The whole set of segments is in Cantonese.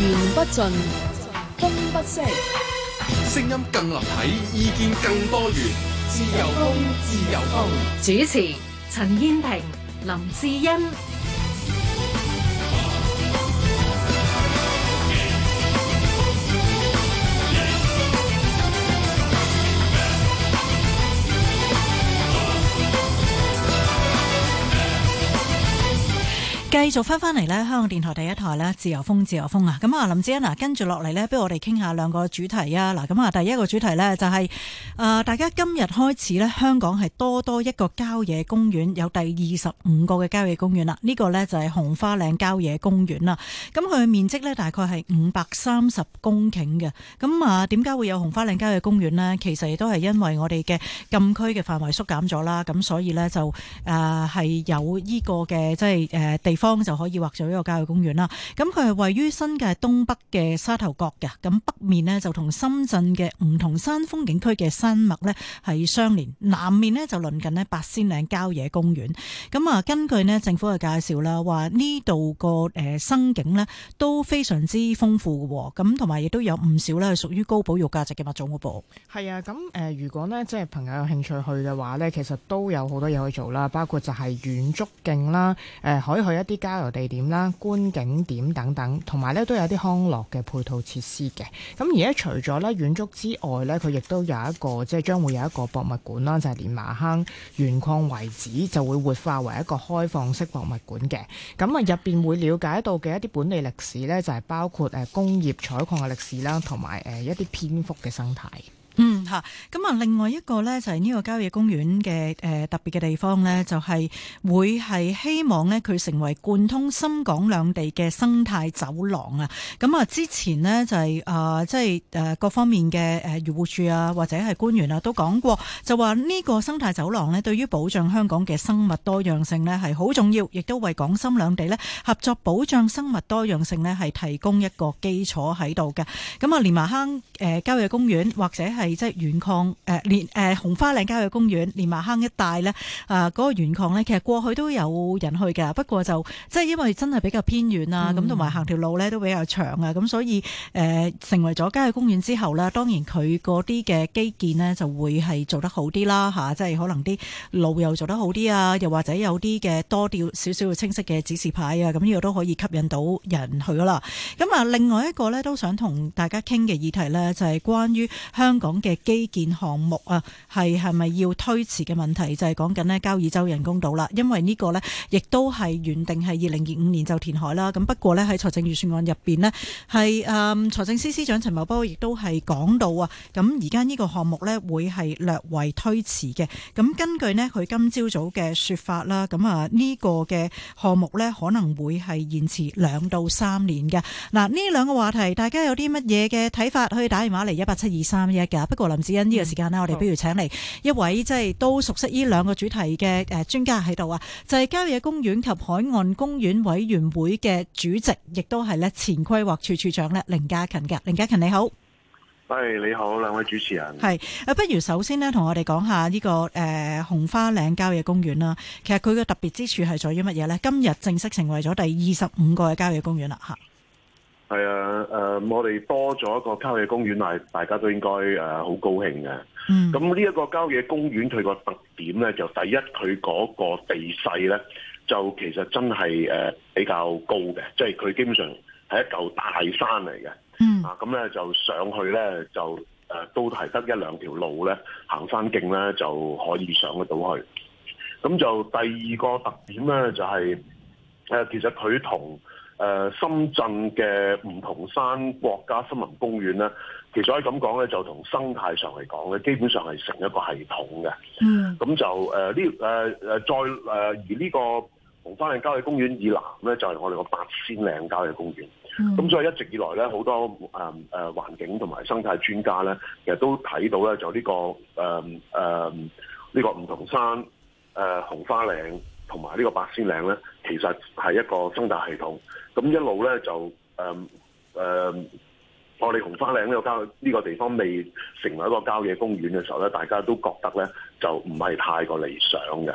言不盡，風不息，聲音更立體，意見更多元，自由風，自由風。主持：陳燕婷、林志欣。繼續返返嚟咧，香港電台第一台啦，自由風，自由風啊！咁啊，林子恩啊，跟住落嚟咧，不如我哋傾下兩個主題啊！嗱，咁啊，第一個主題咧就係、是、誒、呃，大家今日開始咧，香港係多多一個郊野公園，有第二十五個嘅郊野公園啦。呢、這個咧就係紅花嶺郊野公園啦。咁佢嘅面積咧大概係五百三十公頃嘅。咁啊，點解會有紅花嶺郊野公園呢？其實亦都係因為我哋嘅禁區嘅範圍縮減咗啦。咁所以咧就誒係、呃、有依個嘅即係、呃、地方。就可以劃咗一個郊野公園啦。咁佢係位於新界東北嘅沙頭角嘅，咁北面呢，就同深圳嘅梧桐山風景區嘅山脈呢係相連，南面呢，就鄰近呢八仙嶺郊野公園。咁啊，根據呢政府嘅介紹啦，話呢度個誒生境呢都非常之豐富嘅，咁同埋亦都有唔少呢屬於高保育價值嘅物種嗰部。係啊，咁誒如果呢，即係朋友有興趣去嘅話呢，其實都有好多嘢可以做啦，包括就係遠足徑啦，誒可以去一啲。交流地點啦、觀景點等等，同埋咧都有啲康樂嘅配套設施嘅。咁而家除咗咧遠足之外咧，佢亦都有一個即係將會有一個博物館啦，就係蓮麻坑鉛礦遺址就會活化為一個開放式博物館嘅。咁啊入邊會了解到嘅一啲本地歷史咧，就係包括誒工業採礦嘅歷史啦，同埋誒一啲蝙蝠嘅生態。嗯吓，咁、嗯、啊，另外一個咧就係呢個郊野公園嘅誒特別嘅地方咧，就係會係希望咧佢成為貫通深港兩地嘅生態走廊啊！咁、嗯、啊，之前咧就係、是、啊，即係誒各方面嘅漁護處啊，或者係官員啊都講過，就話呢個生態走廊咧，對於保障香港嘅生物多樣性咧係好重要，亦都為港深兩地咧合作保障生物多樣性咧係提供一個基礎喺度嘅。咁、嗯、啊，連麻坑誒郊野公園或者係即係遠礦誒連誒、呃、紅花嶺郊野公園蓮麻坑一帶咧，啊、呃那個原礦咧，其實過去都有人去嘅，不過就即係因為真係比較偏遠啊，咁同埋行條路咧都比較長啊，咁所以誒、呃、成為咗郊野公園之後咧，當然佢嗰啲嘅基建咧就會係做得好啲啦吓，即係可能啲路又做得好啲啊，又或者有啲嘅多啲少少嘅清晰嘅指示牌啊，咁呢個都可以吸引到人去噶啦。咁啊，另外一個咧都想同大家傾嘅議題咧，就係、是、關於香港。講嘅基建項目啊，係係咪要推遲嘅問題，就係講緊呢，交椅洲人工島啦。因為呢個呢，亦都係原定係二零二五年就填海啦。咁不過呢，喺財政預算案入邊呢，係誒財政司司長陳茂波亦都係講到啊。咁而家呢個項目呢，會係略為推遲嘅。咁根據呢，佢今朝早嘅說法啦，咁啊呢個嘅項目呢，可能會係延遲兩到三年嘅。嗱，呢兩個話題，大家有啲乜嘢嘅睇法？可以打電話嚟一八七二三一嘅。不過林子恩呢，這個時間咧，我哋不如請嚟一位，哦，即係都熟悉呢兩個主題嘅誒專家喺度啊，就係、是，郊野公園及海岸公園委員會嘅主席，亦都係咧前規劃處處長咧凌家勤嘉嘅。凌嘉勤你好，喂，你好，兩、哎，位主持人係不如首先呢，這個，同我哋講下呢個誒紅花嶺郊野公園啦。其實佢嘅特別之處係在於乜嘢呢？今日正式成為咗第二十五個嘅郊野公園啦，吓。係啊，誒、呃，我哋多咗一個郊野公園，大大家都應該誒好、呃、高興嘅。咁呢一個郊野公園，佢個特點咧，就第一，佢嗰個地勢咧，就其實真係誒、呃、比較高嘅，即係佢基本上係一嚿大山嚟嘅。嗯，啊，咁咧就上去咧就誒、呃、都係得一兩條路咧，行山徑咧就可以上得到去。咁就第二個特點咧，就係、是呃、其實佢同，誒、呃、深圳嘅梧桐山國家森林公園咧，其實可以咁講咧，就同生態上嚟講咧，基本上係成一個系統嘅。嗯。咁就誒呢誒再誒、呃，而呢個紅花嶺郊野公園以南咧，就係、是、我哋個八仙嶺郊野公園。咁、嗯、所以一直以來咧，好多誒、呃、環境同埋生態專家咧，其實都睇到咧、呢個，就、呃、呢、呃呢個誒誒呢個梧桐山誒、呃、紅花嶺同埋呢個八仙嶺咧，其實係一個生態系統。咁一路咧就誒、嗯嗯、我哋紅花嶺呢個郊、呢個、地方未成為一個郊野公園嘅時候咧，大家都覺得咧就唔係太過理想嘅。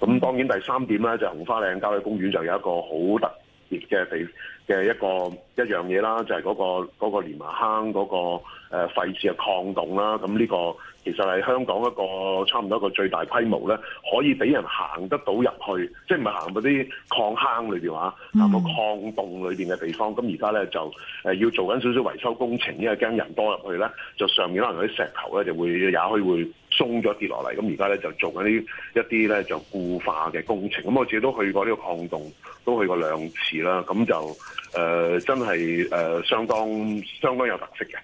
咁當然第三點咧，就係、紅花嶺郊野公園就有一個好特別嘅地嘅一個一樣嘢啦，就係嗰個嗰個蓮麻坑嗰個，嗰個誒廢置嘅礦洞啦，咁、嗯、呢、這個其實係香港一個差唔多一個最大規模咧，可以俾人行得到入去，即係唔係行嗰啲礦坑裏面嚇，行、啊、到礦洞裏面嘅地方。咁而家咧就、呃、要做緊少少維修工程，因為驚人多入去咧，就上面可能啲石頭咧就會也許會鬆咗跌落嚟。咁而家咧就做緊啲一啲咧就固化嘅工程。咁、嗯、我自己都去過呢個礦洞，都去過兩次啦。咁、嗯、就誒、呃、真係誒、呃、相當相當有特色嘅。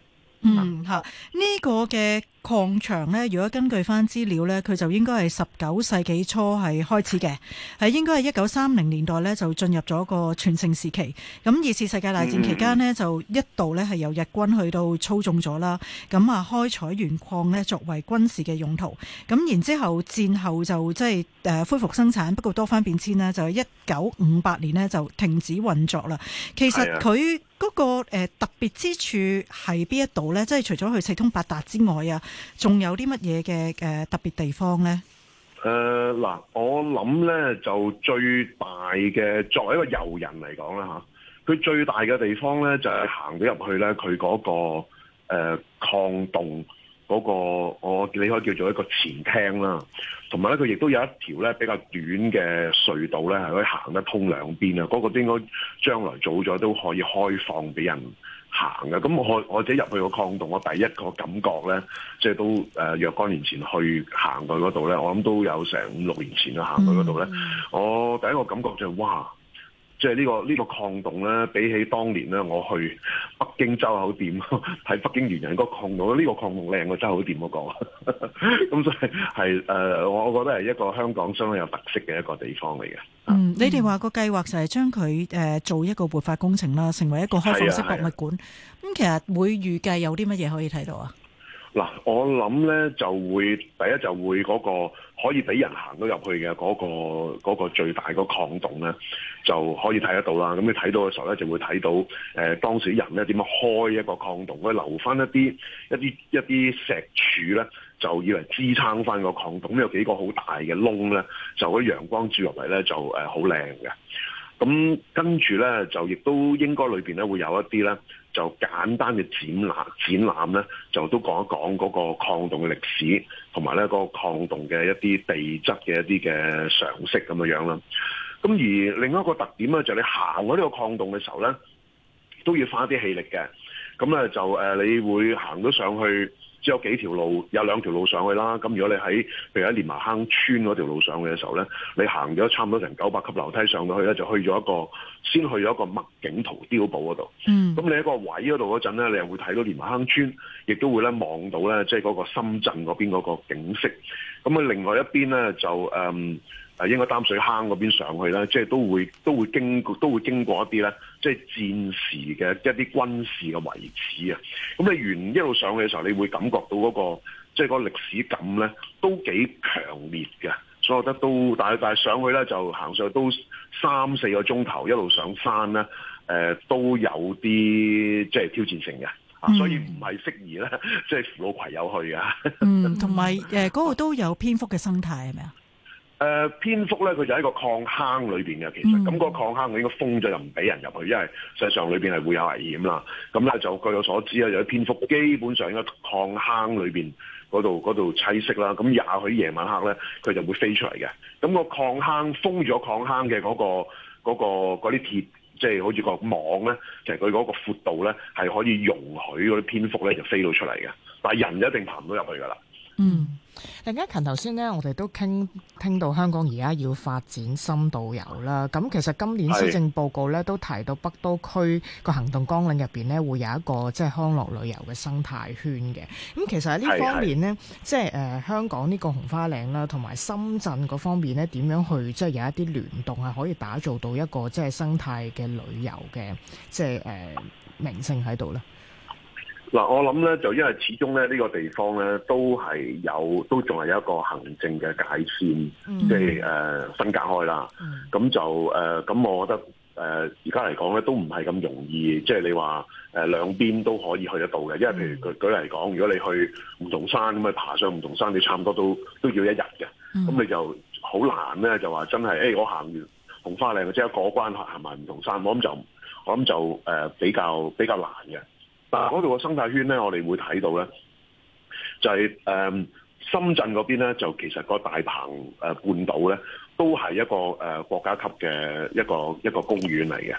嗯，嚇呢個嘅。礦場呢，如果根據翻資料呢，佢就應該係十九世紀初係開始嘅，係應該係一九三零年代呢就進入咗個全盛時期。咁二次世界大戰期間呢，就一度呢係由日軍去到操縱咗啦。咁啊、嗯，開採原礦呢作為軍事嘅用途。咁然之後戰後就即係誒恢復生產，不過多番變遷呢，就喺一九五八年呢就停止運作啦。其實佢嗰個誒特別之處係邊一度呢？即係除咗去四通八達之外啊～仲有啲乜嘢嘅誒特別地方咧？誒嗱、呃，我諗咧就最大嘅，作為一個遊人嚟講啦吓，佢最大嘅地方咧就係行咗入去咧，佢嗰、那個誒礦、呃、洞嗰、那個，我你可以叫做一個前廳啦，同埋咧佢亦都有一條咧比較短嘅隧道咧係可以行得通兩邊啊，嗰、那個都應該將來做咗都可以開放俾人。行嘅，咁我我自己入去個礦洞，我第一個感覺咧，即係都誒、呃、若干年前去行佢嗰度咧，我諗都有成五六年前去行佢嗰度咧，嗯、我第一個感覺就係、是、哇。即係呢、呢個呢、呢個礦洞咧，比起當年咧，我去北京周口店睇北京猿人嗰、呢個礦洞，呢個礦洞靚過周口店嗰個，咁 所以係誒、呃，我覺得係一個香港相當有特色嘅一個地方嚟嘅。嗯，你哋話個計劃就係將佢誒、呃、做一個活化工程啦，成為一個開放式博物館。咁、啊啊、其實會預計有啲乜嘢可以睇到啊？嗱，我諗咧就會第一就會嗰、嗰個。可以俾人行到入去嘅嗰、那個嗰、那個、最大個礦洞咧，就可以睇得到啦。咁你睇到嘅時候咧，就會睇到誒、呃、當時人咧點樣開一個礦洞，佢留翻一啲一啲一啲石柱咧，就以為支撐翻個礦洞。咁有幾個好大嘅窿咧，就喺陽光照入嚟咧，就誒好靚嘅。咁跟住咧，就亦都應該裏邊咧會有一啲咧。就簡單嘅展覽展覽咧，就都講一講嗰個礦洞嘅歷史，同埋咧個礦洞嘅一啲地質嘅一啲嘅常識咁樣啦。咁而另一個特點咧，就是、你行過呢個礦洞嘅時候咧，都要花啲氣力嘅。咁咧就、呃、你會行到上去。有幾條路，有兩條路上去啦。咁如果你喺，譬如喺蓮麻坑村嗰條路上去嘅時候咧，你行咗差唔多成九百級樓梯上到去咧，就去咗一個，先去咗一個麥景陶碉堡嗰度。嗯，咁你喺個位嗰度嗰陣咧，你又會睇到蓮麻坑村，亦都會咧望到咧，即係嗰個深圳嗰邊嗰個景色。咁啊，另外一邊咧就誒，嗯誒應該擔水坑嗰邊上去啦，即係都會都會經過都會經過一啲咧，即係戰時嘅一啲軍事嘅遺址啊。咁你沿一路上去嘅時候，你會感覺到嗰、嗰個即係嗰個歷史感咧，都幾強烈嘅。所以我覺得都但係但上去咧就行上去都三四個鐘頭，一路上山呢誒、呃、都有啲即係挑戰性嘅，嗯、所以唔係適宜咧，即係扶老攜幼去嘅。 嗯，同埋誒嗰個都有蝙蝠嘅生態係咪啊？誒、呃、蝙蝠咧，佢就喺個礦坑裏面嘅，其實咁、那個礦坑佢應該封咗，就唔俾人入去，因為事實上裏面係會有危險啦。咁咧就據我所知咧，就啲蝙蝠基本上喺個礦坑裏面嗰度嗰度棲息啦。咁也許夜晚黑咧，佢就會飛出嚟嘅。咁、那個礦坑封咗礦坑嘅嗰、那個嗰啲、那個、鐵，即、就、係、是、好似個網咧，就佢、是、嗰個闊度咧，係可以容許嗰啲蝙蝠咧就飛到出嚟嘅。但人一定爬唔到入去㗎啦。嗯。凌嘉勤，頭先咧，我哋都傾聽到香港而家要發展深度遊啦。咁其實今年施政報告咧都提到北都區個行動綱領入邊咧會有一個即係康樂旅遊嘅生態圈嘅。咁其實喺呢方面呢，是是即係誒、呃、香港呢個紅花嶺啦，同埋深圳嗰方面咧點樣去即係有一啲聯動，係可以打造到一個即係生態嘅旅遊嘅即係誒、呃、名勝喺度咧？嗱，我諗咧就因為始終咧呢，這個地方咧都係有，都仲係有一個行政嘅界線，即係誒分隔開啦。咁、嗯、就誒，咁、呃、我覺得誒而家嚟講咧都唔係咁容易。即、就、係、是、你話誒、呃、兩邊都可以去得到嘅，因為譬如舉舉例嚟講，如果你去梧桐山咁啊，爬上梧桐山，你差唔多都都要一日嘅。咁你就好難咧，就話真係誒、欸、我行完紅花嶺，我即刻過關行埋梧桐山，我諗就我諗就誒、呃、比較比較難嘅。嗰度嘅生態圈咧，我哋會睇到咧，就係誒深圳嗰邊咧，就其實個大鵬誒半島咧，都係一個誒國家級嘅一個一個公園嚟嘅。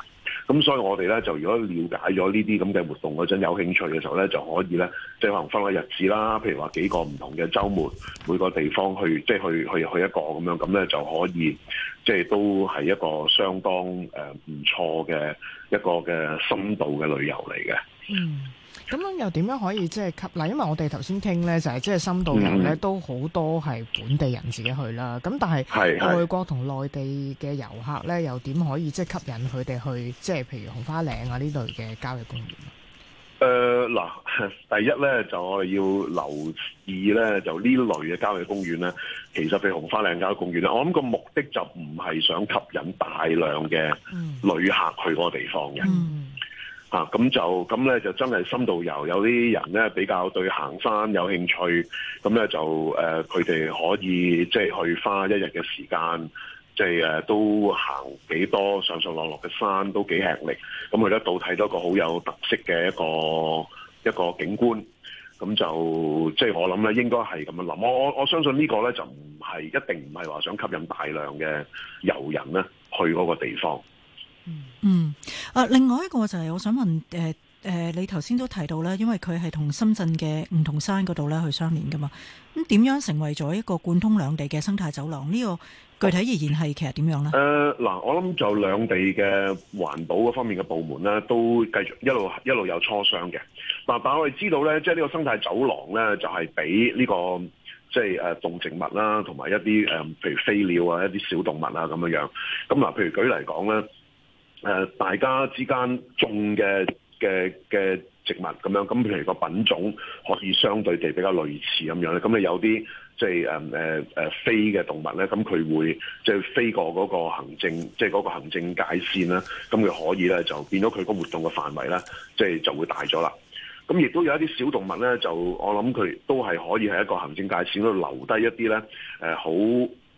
咁所以我哋咧就如果了解咗呢啲咁嘅活動嗰陣有興趣嘅時候咧，就可以咧即係可能分個日子啦。譬如話幾個唔同嘅週末，每個地方去即係去去去一個咁樣，咁咧就可以即係都係一個相當誒唔錯嘅一個嘅深度嘅旅遊嚟嘅。嗯，咁樣又點樣可以即係吸？嗱，因為我哋頭先傾咧，就係即係深度遊咧，都好多係本地人自己去啦。咁、嗯、但係外國同內地嘅遊客咧，又點可以即係吸引佢哋去？即係譬如紅花嶺啊呢類嘅郊野公園。誒、呃，嗱，第一咧就我哋要留意咧，就呢類嘅郊野公園咧，其實譬如紅花嶺郊野公園咧，我諗個目的就唔係想吸引大量嘅旅客去嗰個地方嘅。嗯嗯咁、啊、就咁咧，就真係深度遊，有啲人咧比較對行山有興趣，咁咧就誒，佢、呃、哋可以即係、就是、去花一日嘅時間，即係誒都行幾多上上落落嘅山，都幾吃力，咁去得到睇到一個好有特色嘅一個一個景觀，咁就即係、就是、我諗咧，應該係咁樣諗，我我我相信個呢個咧就唔係一定唔係話想吸引大量嘅遊人咧去嗰個地方。嗯，誒、啊，另外一個就係我想問，誒、呃，誒、呃，你頭先都提到啦，因為佢係同深圳嘅梧桐山嗰度咧去相連噶嘛，咁點樣成為咗一個貫通兩地嘅生態走廊？呢、這個具體而言係其實點樣咧？誒、呃，嗱、呃，我諗就兩地嘅環保嗰方面嘅部門咧，都繼續一路一路有磋商嘅。嗱、呃，但係我哋知道咧，即係呢個生態走廊咧，就係俾呢個即係誒動植物啦，同埋一啲誒、呃，譬如飛鳥啊，一啲小動物啊咁樣樣。咁、呃、嗱，譬如舉例講咧。誒、呃，大家之間種嘅嘅嘅植物咁樣，咁譬如個品種可以相對地比較類似咁樣咧，咁你有啲即係誒誒誒飛嘅動物咧，咁佢會即係、就是、飛過嗰個行政，即係嗰個行政界線啦，咁佢可以咧就變咗佢個活動嘅範圍咧，即係就會大咗啦。咁亦都有一啲小動物咧，就我諗佢都係可以喺一個行政界線度留低一啲咧，誒、呃、好。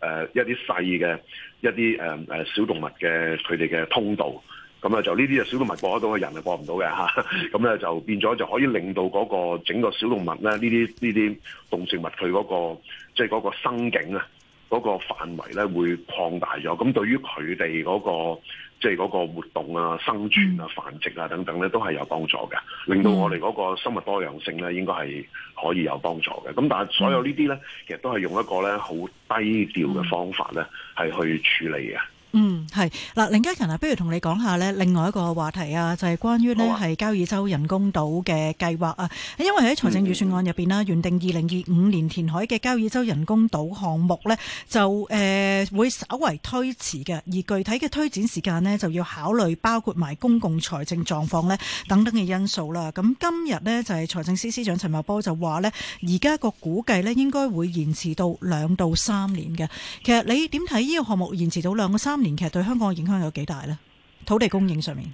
誒、呃、一啲細嘅一啲、呃、小動物嘅佢哋嘅通道，咁啊就呢啲啊小動物過得到嘅，人係過唔到嘅吓，咁咧就變咗就可以令到嗰個整個小動物咧，呢啲呢啲動植物佢嗰個即係嗰個生境啊、嗰個範圍咧會擴大咗，咁對於佢哋嗰個。即係嗰個活動啊、生存啊、繁殖啊等等咧，都係有幫助嘅，令到我哋嗰個生物多樣性咧，應該係可以有幫助嘅。咁但係所有這些呢啲咧，其實都係用一個咧好低調嘅方法咧，係去處理嘅。嗯，係嗱，凌嘉勤啊，不如同你講下咧另外一個話題啊，就係、是、關於咧係交椅洲人工島嘅計劃啊。好因為喺財政預算案入邊啦，原定二零二五年填海嘅交椅洲人工島項目咧，就誒、呃、會稍為推遲嘅，而具體嘅推展時間咧就要考慮包括埋公共財政狀況咧等等嘅因素啦。咁今日咧就係財政司司長陳茂波就話咧，而家個估計咧應該會延遲到兩到三年嘅。其實你點睇呢個項目延遲到兩個三？今年其實對香港嘅影響有幾大呢？土地供應上面，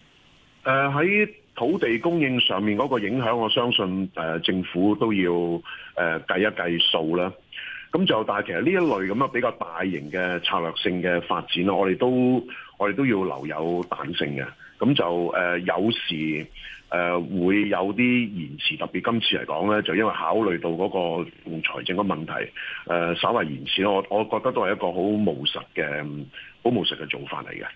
誒喺、呃、土地供應上面嗰個影響，我相信誒政府都要誒計一計數啦。咁就但係其實呢一類咁樣比較大型嘅策略性嘅發展啦，我哋都我哋都要留有彈性嘅。咁就誒、呃、有時誒、呃、會有啲延遲，特別今次嚟講咧，就因為考慮到嗰個財政嘅問題，誒、呃、稍為延遲咯。我我覺得都係一個好務實嘅、好務實嘅做法嚟嘅。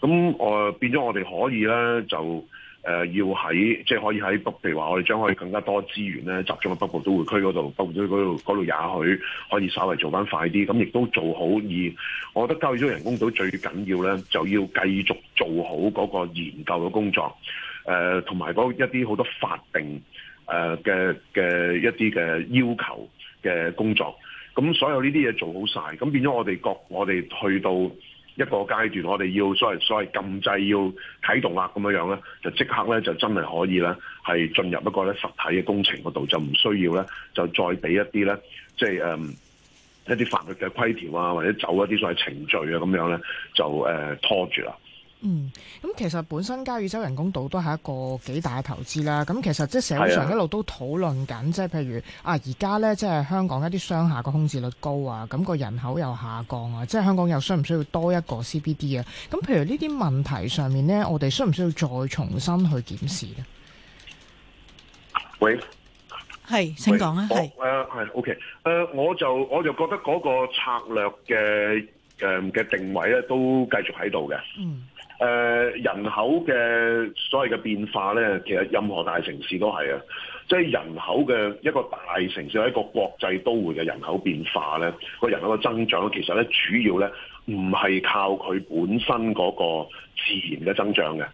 咁、呃、我變咗我哋可以咧就。誒、呃、要喺即係可以喺北，譬如話我哋將可以更加多資源咧集中喺北部都會區嗰度，北部都會區嗰度嗰度也許可以稍微做翻快啲，咁亦都做好。而我覺得交椅洲人工島最緊要咧，就要繼續做好嗰個研究嘅工作，誒同埋嗰一啲好多法定誒嘅嘅一啲嘅要求嘅工作，咁所有呢啲嘢做好晒，咁變咗我哋國我哋去到。一個階段，我哋要所謂所謂禁制要啟動啦、啊，咁樣樣咧，就即刻咧就真係可以咧，係進入一個咧實體嘅工程嗰度，就唔需要咧就再俾一啲咧，即係誒、嗯、一啲法律嘅規條啊，或者走一啲所謂程序啊，咁樣咧就誒拖住啦。嗯，咁其實本身交椅洲人工島都係一個幾大嘅投資啦。咁其實即係社會上一路都討論緊，即係的譬如啊，而家呢，即係香港一啲商廈個空置率高啊，咁個人口又下降啊，即係香港又需唔需要多一個 CBD 啊？咁譬如呢啲問題上面呢，我哋需唔需要再重新去檢視咧？喂，係，請講啊，係誒，係 OK，誒、呃，我就我就覺得嗰個策略嘅誒嘅定位咧都繼續喺度嘅。嗯。誒、呃、人口嘅所謂嘅變化咧，其實任何大城市都係啊，即係人口嘅一個大城市，一個國際都會嘅人口變化咧，個人口嘅增長呢，其實咧主要咧唔係靠佢本身嗰個自然嘅增長嘅，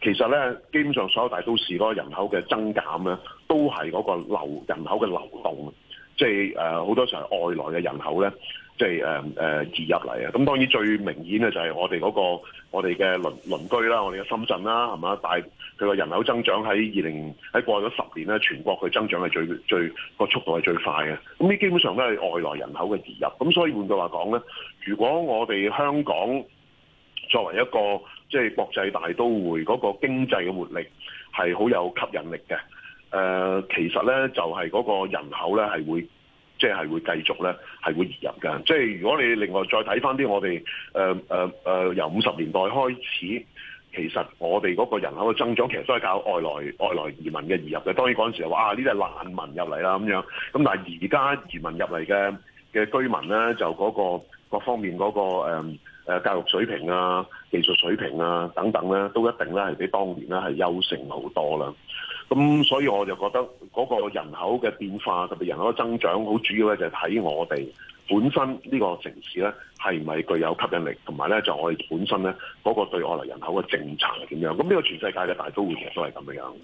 其實咧基本上所有大都市嗰個人口嘅增減咧，都係嗰個流人口嘅流動，即係誒好多時候係外來嘅人口咧。即係誒誒移入嚟啊！咁當然最明顯咧就係我哋嗰、那個我哋嘅鄰、鄰居啦，我哋嘅深圳啦，係嘛？但佢個人口增長喺二零喺過咗十年咧，全國佢增長係最最個速度係最快嘅。咁呢基本上都係外來人口嘅移入。咁所以換句話講咧，如果我哋香港作為一個即係、就是、國際大都會，嗰、那個經濟嘅活力係好有吸引力嘅、呃。其實咧就係、是、嗰個人口咧係會。即係會繼續咧，係會移入㗎。即係如果你另外再睇翻啲我哋誒誒誒由五十年代開始，其實我哋嗰個人口嘅增長其實都係靠外來外來移民嘅移入嘅。當然嗰陣時話啊，呢啲係難民入嚟啦咁樣。咁但係而家移民入嚟嘅嘅居民咧，就嗰個各方面嗰個誒誒教育水平啊、技術水平啊等等咧，都一定咧係比當年咧係優勝好多啦。咁所以我就覺得嗰個人口嘅變化，特別人口嘅增長，好主要咧就係睇我哋本身呢個城市咧係唔係具有吸引力，同埋咧就我哋本身咧嗰個對外來人口嘅政策係點樣。咁呢個全世界嘅大都會其實都係咁樣的。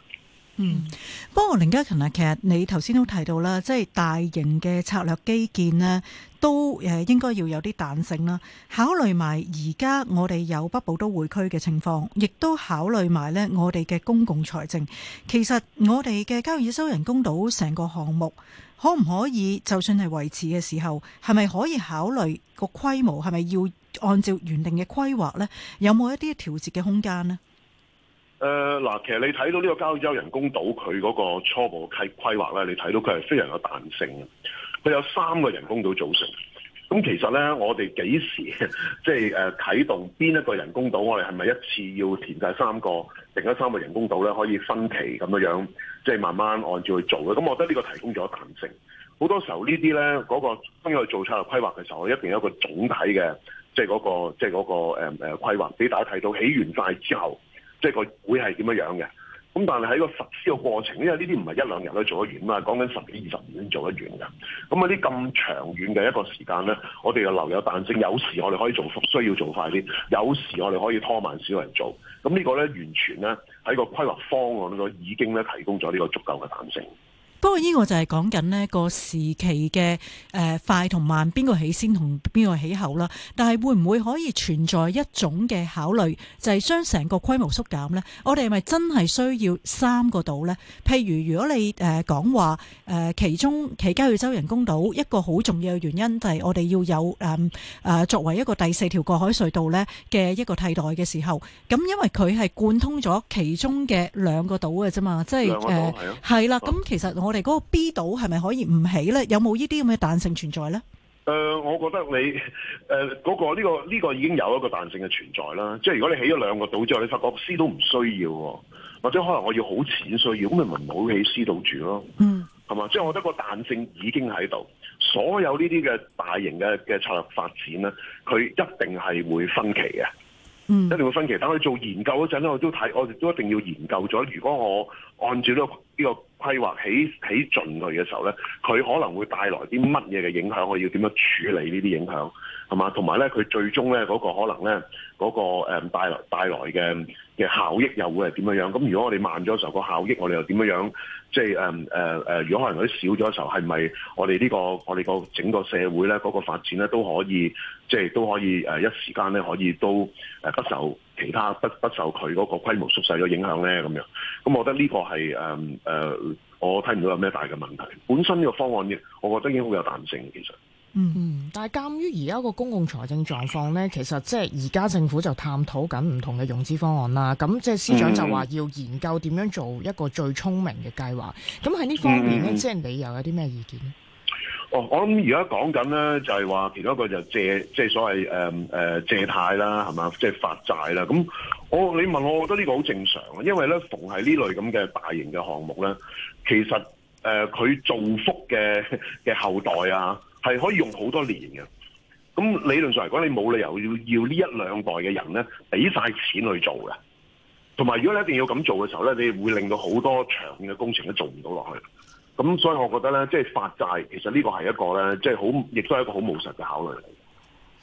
嗯，不過凌嘉勤啊，其實你頭先都提到啦，即係大型嘅策略基建呢，都誒應該要有啲彈性啦。考慮埋而家我哋有北部都會區嘅情況，亦都考慮埋呢我哋嘅公共財政。其實我哋嘅交椅洲人工島成個項目，可唔可以就算係維持嘅時候，係咪可以考慮個規模係咪要按照原定嘅規劃呢？有冇一啲調節嘅空間呢？誒嗱、呃，其實你睇到呢個交椅洲人工島佢嗰個初步規劃咧，你睇到佢係非常有彈性嘅。佢有三個人工島組成。咁其實咧，我哋幾時即係誒啟動邊一個人工島？我哋係咪一次要填晒三個定咗三個人工島咧？可以分期咁樣即係、就是、慢慢按照去做嘅。咁我覺得呢個提供咗彈性。好多時候呢啲咧嗰個關於做策略規劃嘅時候，我一定有一個總體嘅，即係嗰個即係嗰個誒、呃呃、規劃。畀大家睇到起完晒之後。即係個會係點樣樣嘅？咁但係喺個實施個過程，因為呢啲唔係一兩日都做得完啊嘛，講緊十幾、二十年先做得完㗎。咁啊，啲咁長遠嘅一個時間咧，我哋又留有彈性。有時我哋可以做需要做快啲，有時我哋可以拖慢少人做。咁呢個咧完全咧喺個規劃方案嗰度已經咧提供咗呢個足夠嘅彈性。不過呢個就係講緊呢個時期嘅快同慢，邊個起先同邊個起後啦？但係會唔會可以存在一種嘅考慮，就係將成個規模縮減呢？我哋係咪真係需要三個島呢？譬如如果你誒講、呃、話、呃、其中其中交椅洲人工島，一個好重要嘅原因就係我哋要有誒、呃、作為一個第四條過海隧道呢嘅一個替代嘅時候，咁因為佢係貫通咗其中嘅兩個島嘅啫嘛，即係誒係啦。咁其實我。我哋嗰個 B 島係咪可以唔起咧？有冇呢啲咁嘅彈性存在咧？誒、呃，我覺得你誒，呃嗰個呢、呢個呢、呢個已經有一個彈性嘅存在啦。即係如果你起咗兩個島之後，你發覺 C 島唔需要，或者可能我要好淺需要，咁咪唔好起 C 島住咯。嗯，係嘛？即係我覺得個彈性已經喺度。所有呢啲嘅大型嘅嘅策略發展咧，佢一定係會分期嘅。嗯、一定會分期。等佢做研究嗰陣咧，我都睇，我哋都一定要研究咗。如果我按照呢個呢個規劃起起進去嘅時候咧，佢可能會帶來啲乜嘢嘅影響？我要點樣處理呢啲影響係嘛？同埋咧，佢最終咧嗰個可能咧嗰個誒帶來帶來嘅。嘅效益又會係點樣樣？咁如果我哋慢咗時候，個效益我哋又點樣？即係誒誒誒，如果可能佢啲少咗時候，係咪我哋呢個我哋個整個社會咧嗰個發展咧都可以，即係都可以誒、呃、一時間咧可以都誒不受其他不不受佢嗰個規模縮細咗影響咧咁樣？咁我覺得呢個係誒誒我睇唔到有咩大嘅問題。本身呢個方案，我覺得已經好有彈性，其實。嗯嗯，但係鑒於而家個公共財政狀況咧，其實即係而家政府就探討緊唔同嘅融資方案啦。咁即係司長就話要研究點樣做一個最聰明嘅計劃。咁喺呢方面咧，即係、嗯、你又有啲咩意見？哦，我諗而家講緊咧，就係話其中一個就借即係、就是、所謂誒誒借貸啦，係嘛，即、就、係、是、發債啦。咁我你問我，我覺得呢個好正常啊。因為咧，逢係呢類咁嘅大型嘅項目咧，其實誒佢造福嘅嘅後代啊。係可以用好多年嘅，咁理論上嚟講，你冇理由要要呢一兩代嘅人咧，俾晒錢去做嘅，同埋如果你一定要咁做嘅時候咧，你會令到好多長遠嘅工程都做唔到落去，咁所以我覺得咧，即係發債其實呢個係一個咧，即係好亦都係一個好務實嘅考慮嚟。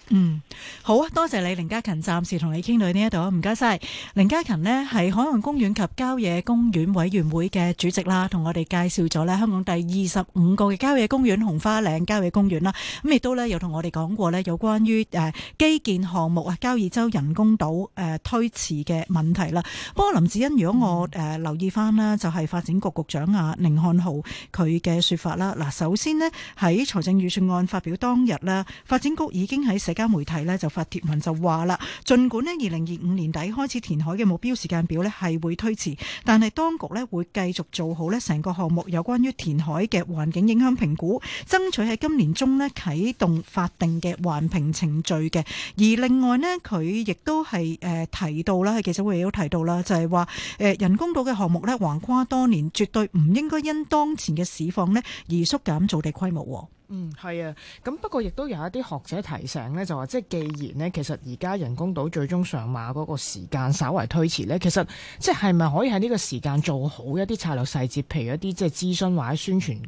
嗯，好啊，多謝你，凌嘉勤，暫時同你傾到呢一度啊，唔該晒。凌嘉勤咧係海岸公園及郊野公園委員會嘅主席啦，同我哋介紹咗咧香港第二十五個嘅郊野公園紅花嶺郊野公園啦，咁亦都咧有同我哋講過咧有關於誒基建項目啊，交椅洲人工島誒推遲嘅問題啦。不過林子欣，如果我誒留意翻啦，就係發展局局長啊寧漢豪佢嘅說法啦。嗱，首先咧喺財政預算案發表當日啦，發展局已經喺食。家媒體咧就發帖文就話啦，儘管呢二零二五年底開始填海嘅目標時間表呢係會推遲，但係當局呢會繼續做好呢成個項目有關於填海嘅環境影響評估，爭取喺今年中呢啟動法定嘅環評程序嘅。而另外呢，佢亦都係誒提到啦，喺記者會亦都提到啦，就係話誒人工島嘅項目呢，橫跨多年，絕對唔應該因當前嘅市況呢而縮減造地規模。嗯，係啊，咁不過亦都有一啲學者提醒呢，就話即係既然呢，其實而家人工島最終上馬嗰個時間稍為推遲呢，其實即係咪可以喺呢個時間做好一啲策略細節，譬如一啲即係諮詢或者宣傳。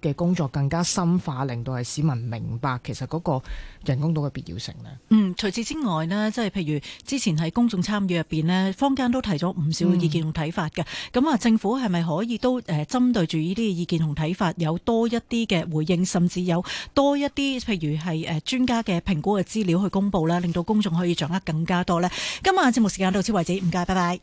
嘅工作更加深化，令到係市民明白其實嗰個人工島嘅必要性咧。嗯，除此之外咧，即係譬如之前喺公眾參與入邊，咧，坊間都提咗唔少嘅意見同睇法嘅。咁啊、嗯，政府係咪可以都誒針對住呢啲意見同睇法有多一啲嘅回應，甚至有多一啲譬如係誒專家嘅評估嘅資料去公佈咧，令到公眾可以掌握更加多呢？今晚節目時間到此為止，唔該，拜拜。